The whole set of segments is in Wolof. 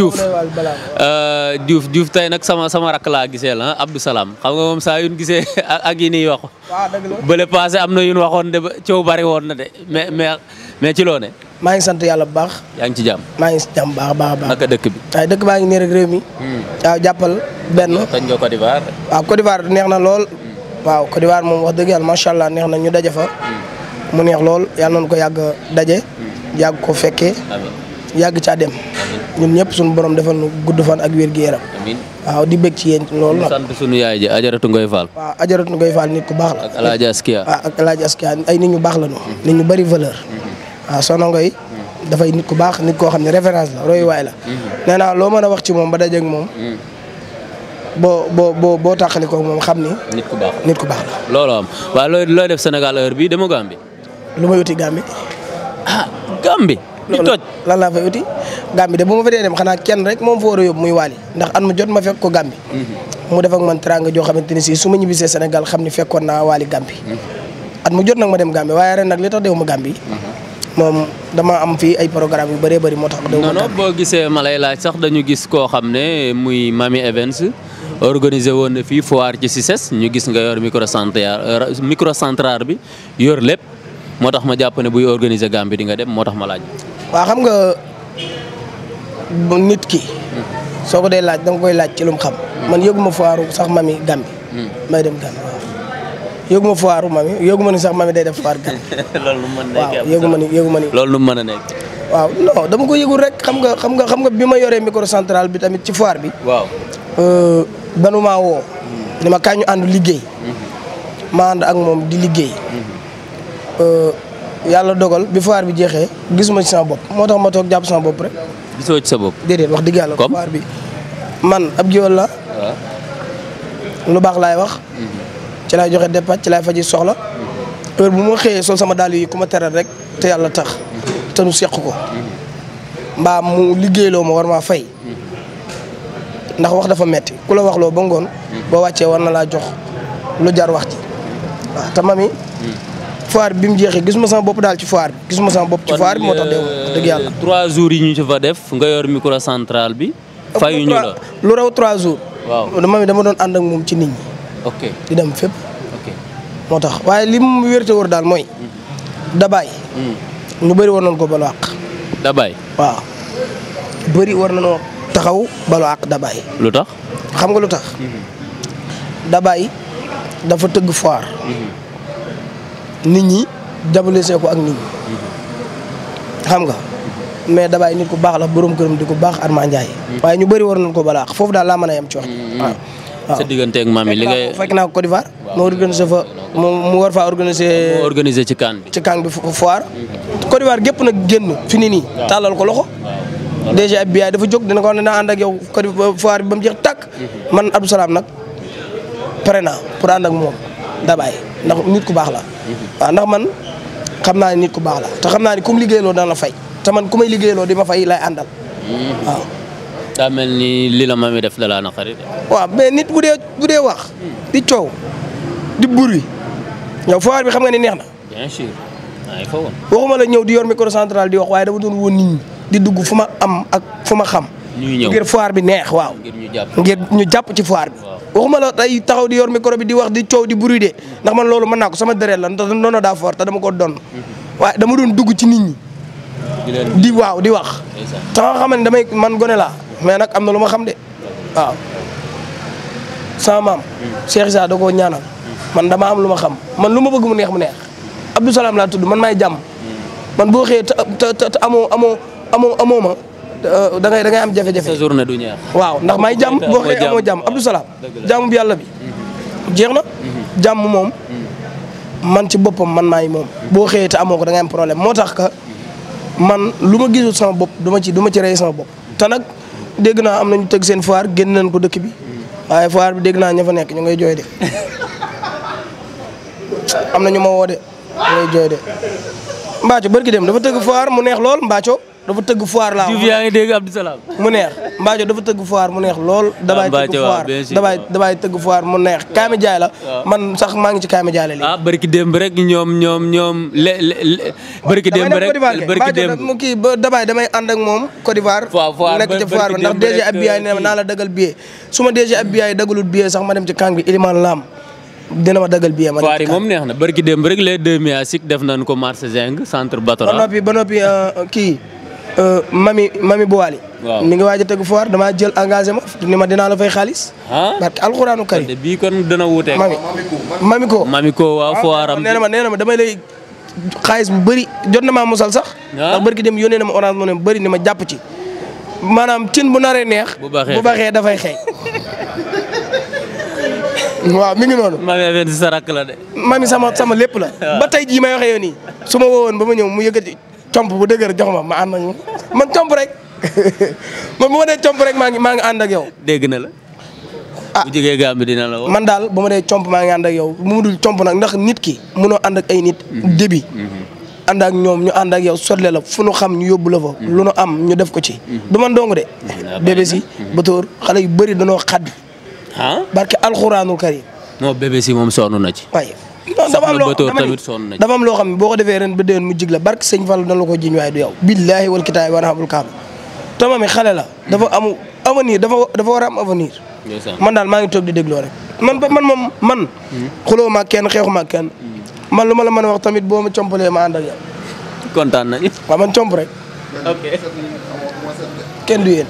Diouf euh, Diouf Diouf tey nag sama sama rakk laa gisee la Abdou Salam xam nga moom saa yu ñu gisee ak yi nii wax. bële passé am na yu ñu waxoon de ba coow bari woon na de mais mais mais ci loo ne. maa ngi sant yàlla bu baax. yaa ngi ci jàmm. maa ngi ci jàmm baax a baax a baax. naka dëkk bi. ay dëkk baa ngi nii hmm. jàppal benn. kañ nga Côte d'Ivoire. waaw Côte neex na lool. Hmm. waaw Côte d'Ivoire moom wax dëgg yàlla macha allah neex na ñu daje fa. Hmm. mu neex lool yàlla nañu ko yàgg daje. yàgg ko fekkee. yàgg caa dem. ñun ñëpp suñu borom defal nu gudd fan ak wér gu yaram. waaw di bëgg ci yéen loolu la. sant suñu yaay ji Ajaratu Ngoy Fall. waaw Ajaratu Ngoy Fall nit ku baax la. ak El Hadj ay nit ñu baax la ñu. Mm-hmm. nit ñu bari valeur. Mm-hmm. waaw Soxna mm-hmm. dafay nit ku baax nit koo xam ne référence la royuwaay la. nee naa loo mën a wax ci moom ba dajeeg moom. boo boo boo boo ko moom xam ni. nit ku baax nit ku baax la. loolu am waaw looy looy def Sénégal heure bi dama Gambie. lu may wuti Gambie. ah Gambie. di toj lan laa fay uti Gàmbi de bu ma fa dem xanaa kenn rek moom fa war a yóbbu muy waali ndax at ma jot ma fekk ko Gàmbi mhm. mu def ak man joo xamante ni si su ma ñibbisee Sénégal xam ni fekkoon naa Waly Gàmbi mhm. at mu jot nag ma dem Gàmbi waaye ren nag li tax dew ma Gàmbi mhm. moom dama am fii ay programme yu bëree bëri moo tax dew ma non boo gisee ma lay laaj sax dañu gis koo xam ne muy Mami Evans organisé woon na fii foire ci CICES e ñu gis nga yor microcentral microcentral bi yor lépp moo tax ma jàpp ne buy organiser Gàmbi di nga dem moo tax ma laaj waa xam nga nit ki. soo ko dee laaj danga koy laaj ci lu xam. man yëgu ma foiru sax mami Gambie. may dem Gambie waaw. yëgu ma foiru mami yëgu ma ni sax mami day def foire Gambie. loolu lu mën a nekk waaw yëgu ma ni yëgu ma ni. mën a nekk. waaw dama ko yëgul rek xam nga xam nga xam nga bi ma yoree micro central bi tamit ci foire bi. waaw. danu euh, maa woo. ni ma kaay ñu liggéey. Mm-hmm. ma ànd ak moom di liggéey. Mm-hmm. Euh, yàlla dogal bi foire bi jeexee gisuma ci sama bopp moo tax ma toog jàpp sama bopp rek. gisoo ci sa bopp. déedéet wax dëgg yàlla. foire bi man ab géwél la. lu baax laay wax. Mhm. ci laay joxe départ ci laay faji soxla. heure bu ma xëyee sol sama dàll yi ku ma teral rek te yàlla tax. Mhm. te nu seq ko. Mhm. mbaa mu liggéeyloo ma war maa fay. ndax wax dafa metti ku la wax loo ba ngoon. boo wàccee war na laa jox lu jar wax ji waaw foire bi mu jeexee gisuma sama bopp daal ci foire bi gisuma sama bopp ci foire bi moo tax deewuma wax yàlla. Euh, trois jours yi ñu ci fa def nga yor micro central bi. fayuñu la lu raw trois jours. waaw dama dama doon ànd ak moom ci nit ñi. di dem fépp. moo tax waaye li mu wérte wër daal mooy. Mm-hmm. dabaay. Mm. ñu bëri war nañ ko balu àq. dabaay waaw. bëri war nañoo taxaw balu àq dabaay. lu tax xam nga lu tax. Mm-hmm. dabaay dafa tëgg foire. Mm-hmm. nit ñi jabale see ak nit ñi xam nga mais dabaay nit ku baax la borom këram di ko baax Arma Ndiaye mm-hmm. waaye ñu bëri war na ko balaax foofu daal laa mën a yem ci wax mm-hmm. waaw li ngay fekk naa ko Côte d'Ivoire ma organisé fa mu war ci kaan bi ci kan bi foire Côte d'Ivoire gépp nag génn fi ni nii tàllal ko loxo déjà bi dafa jog dana ko wax ne naa ak yow Côte d'Ivoire foire bi jeex tàkk mm-hmm. man Abdou Salam nag pare naa pour ànd ak moom dabaay ndax nit ku baax la. ndax man xam naa ni nit ku baax la te xam naa ne ku mu liggéeyaloo dana la fay te man ku may liggéeyaloo di ma fay lay àndal waaw. daa mel ni li la ma mi def da laa naqari. waaw mais nit bu dee bu dee wax. di coow di bruit yow foire bi xam nga ne neex na. bien sûr waaye foofu. ñëw di yor micro central di wax waaye dama doon woon nit di dugg fu ma am ak fu ma xam. ñuy ñëw ngir foire bi neex waaw. ngir ñu jàpp ngir ñu jàpp ci foire bi. waxuma taxaw di yor micro bi di wax di coow di bruit de ndax man loolu mën naa ko sama deret la ndax noonu daa fort te dama ko doon. Mhm. waaye dama doon dugg ci nit ñi. di waaw di wax. te nga xam ne damay man gone laa mais nag am na lu ma xam de waaw. sama maam. Mhm. Cheikh Issa da mhm. man dama am lu ma xam man lu ma bëgg mu neex mu neex. Abdou Salam laa tudd man maay jàmm. man boo xëyee te amoo amoo ma. Euh, da ngay am jafe-jafe. sa journée du waaw ndax may jàmm boo xëyee amoo jàmm Abdou Salam jàmm bi yàlla bi mhm. jeex na mhm. jàmm moom mhm. man ci boppam man maay moom boo xëyee te amoo ko da am problème moo tax que man lu ma gisul sama bopp du ma ci ci rey sama bopp te nag dégg naa am nañu teg seen foire génn nañ ko dëkk bi waaye foire bi dégg naa ña fa nekk ñu ngay jooy de am na ñu ma woo de ñu ngay jooy dafa tëgg foire mu neex lool mbaaco dafa tëgg foire laa wax. yaa ngi dégg Abdou Salam. mu neex Mbaajo dafa tëgg foire mu neex lool. Ah, dabaay tëgg foire dabaay dabaay tëgg foire mu neex. Ah, Kaami Jaay la man sax maa ngi ci Kaami Jaay la léegi. ah barki démb rek ñoom ñoom ñoom le le barki démb rek barki démb mu kii ba dabaay damay ànd ak moom Côte d'Ivoire. nekk ci foire bi ndax DG Abbiyaay nee naa bi dagal billet su ma DG Abbiyaay dagalul sax ma dem ci kàng bi Iliman Lam. dina ma dagal bi ma. foire yi moom neex na barki démb rek les deux mille six def nañ ko marché Zeng centre ba euh, kii. Euh, mami mami bu waali mi ngi waaj a tëgg foire damaa jël engagement ma ni ma dinaa la fay xaalis. parce que alxuraanu kari. bii kon dana wuuteeg. mami mami ko mami ko waaw ah, foire am ma nee na ma damay lay xaalis bu bari jot na ma musal sax. ndax bërki dem yónnee na mu bëri ni jàpp ci. maanaam cin bu naree neex. bu baaxee bu baaxee dafay xëy. waaw mi ngi noonu. mami Event sa rakk la de. mami sama sama lépp la. ba tey jii may waxee nii su ma woowoon ba ma ñëw mu yëkkati. comp bu dëgër jox ma ma ànd nañu man comp rek man bu ma dee comp rek maa ngi maa ngi ànd ak yow. dégg na la. ah bu jógee Gambie dina la man daal bu ma dee comp maa ngi ànd yow mu dul comp nag ndax nit ki munoo ànd ak ay nit. Mhm. début. Mhm. ànd ak ñoom ñu ànd ak yow sole la fu nu xam ñu yóbbu la fa. Mhm. lu nu am ñu def ko ci. du man dong de. bébé si xale yu bëri danoo xaddi. ah barke alxuraanul karim. non bébé si moom sonn na ci. waaye non dafa am loo dafa loo xam ne boo ko defee ren ba déwén mu jig la barke sëñ Fall na la ko jiñ waaye du yow billaahi wal kitaay wana abul kaam tamami xale la dafa amu avenir dafa dafa war a am avenir man daal maa ngi toog di dégloo rek man man moom man hmm. xuloo ma kenn xeexu ma kenn hmm. man lu ma la mën a wax tamit boo ma compalee ma ànd ak yow kontaan nañu waaw man comp rek ok kenn du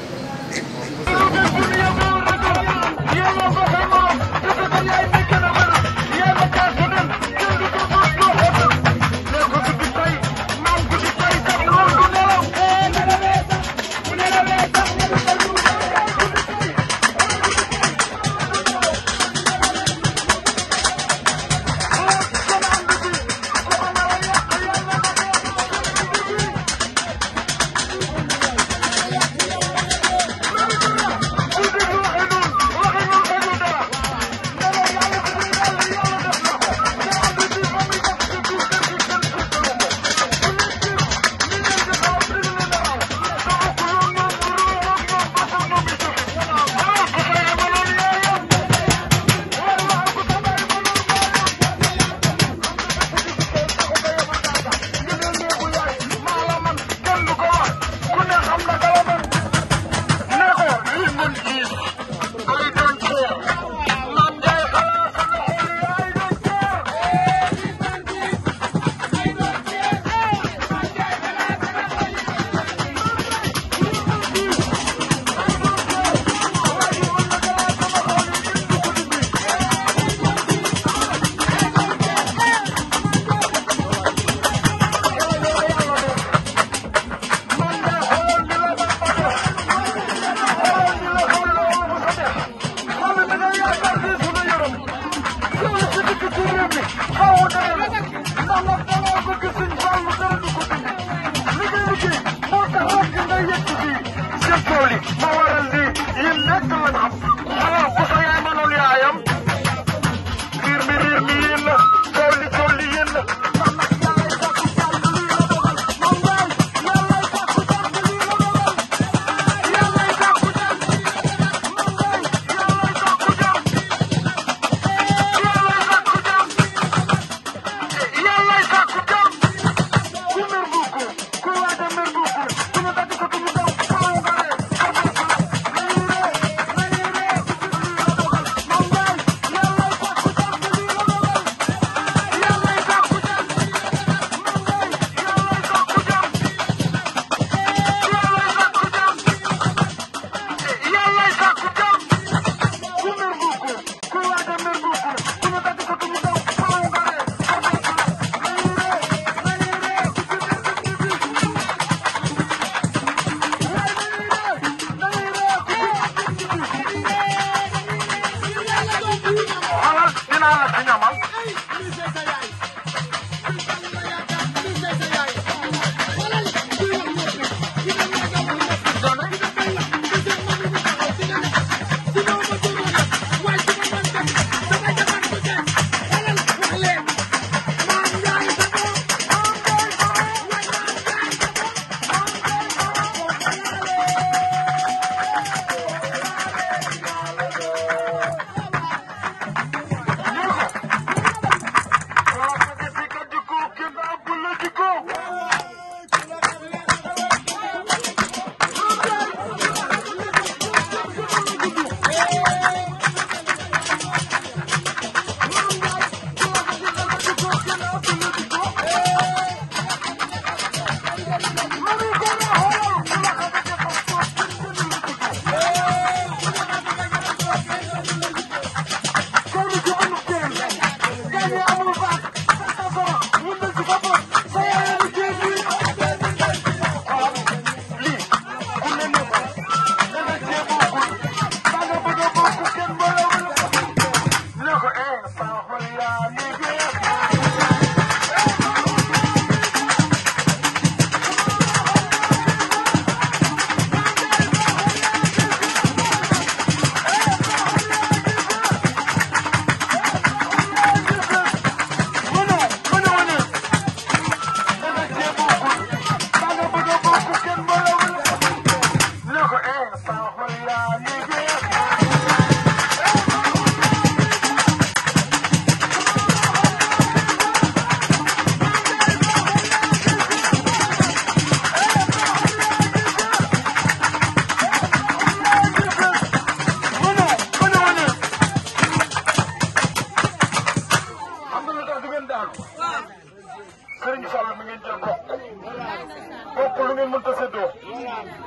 ngeen mënta séddoo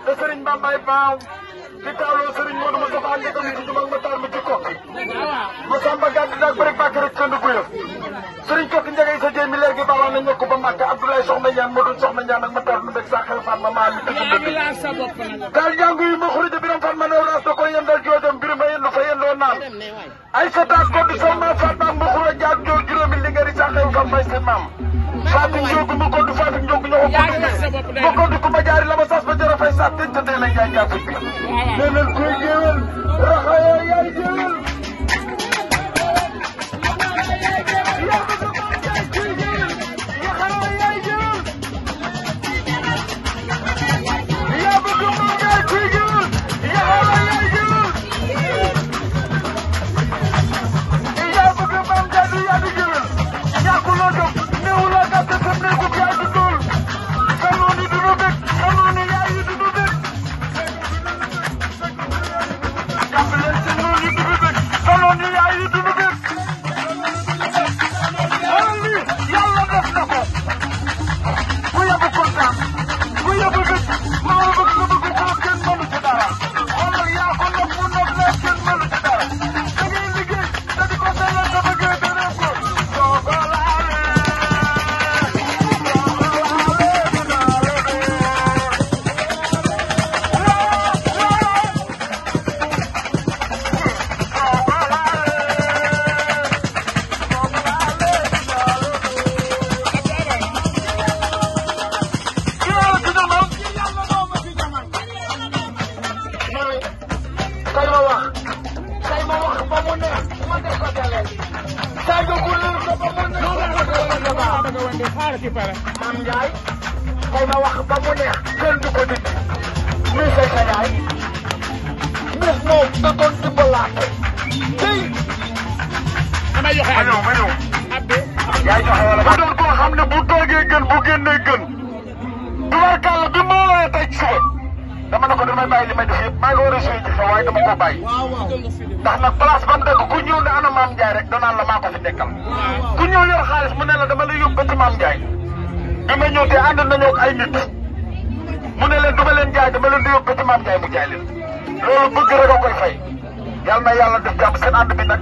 te Serigne Bambaye Baaw di taaloo Serigne Modou ma dafa ànd ak nit ñi mag ma taar ma ci kokki ma Samba gàdd daag bëri bàkk rek kënd bu yëf Serigne Kokki njagay sa jéem mi leer gi baawaan nañ ko ba màkk Abdoulaye Soxna Ñaan ma doon Soxna Ñaan ma taar ma mbég saa xel Fatma maa li dëgg daal njàng yi ma xurija biram Fatma ne raas da ko yendal joojam biram a yendu fa yendoo naan ay sa taas ko bokkul di ko ba jaari la ma sas ba jërë fay sax tëj te dee lay jaay jàpp bi. nee nañ koy géewal ko ma wax ba mu neex kenn du ko dindi miis ay sa yaay miis moom da doon dimbalaate tey damay joxe ma ñëw ma ñëw yaay joxe wala ma doon koo xam ne bu toogee gën bu génnee gën tubarkàlla bi moo la tey ci suba dama ne ko damay bàyyi li may def yëpp maa ngi war a joué ci sa waaye dama ko bàyyi ndax nag place ba mu dëkk ku ñëw ne ana maam Ndiaye rek danaan la maa ko fi nekkal ku ñëw yor xaalis mu ne la dama lay yóbbu ba ci maam Ndiaye damay ñëw te ànd nañoo ay nit mu ne leen du ma leen jaay dama leen di yóbbu ci maam Ndiaye mu jaay leen loolu bëgg rek a koy fay yàlla na yàlla def jàmm seen ànd bi nag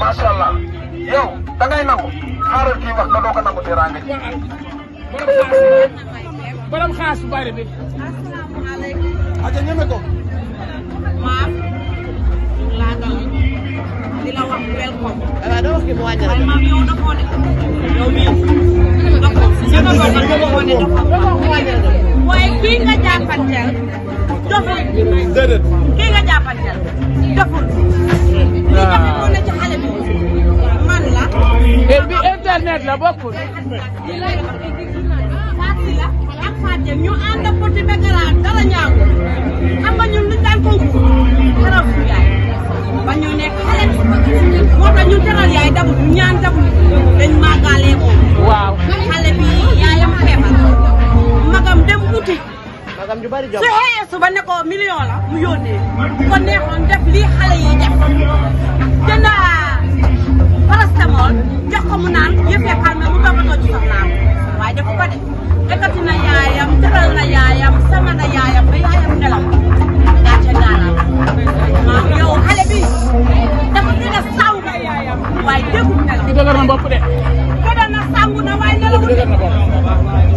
macha yow da ngay nangu xaaral kii wax nga doo ko nangu teraanga ji. borom xaas bu bari bi. asalaamaaleykum. ñeme ko. nga xam welcome. waaw doo wax ki mu wàññi rek. maam yow dafa wane yow mii dafa wane dafa waaye kii nga jàppanteel doful. déedéet kii nga jàppanteel doful. waaw li ci xale bi man la. bi internet la bokkul. Fatou la ak Fatou ñu ànd poti ba dara ñaaw xam nga ñun luñ daan ko wut. ba ñu nekk xale moo tax ñu teral yaay dabu ñaan dabu dañ màggaale ko waaw xale bi yaayam feebar magam dem uti magam ju bari jox su xëyee suba ne ko million la mu yónnee bu ko neexoon def lii xale yi def jënd parastamol jox ko mu naan yëfee xar na mu toppatoo ci soxlaam waaye defu ko de ekkati na yaayam teral na yaayam sama na yaayam ba yaayam nelaw waaye déggu nelaw. ki dëgër na bopp de. ko doon na sangu na waaye nelaw. dëgër na bopp.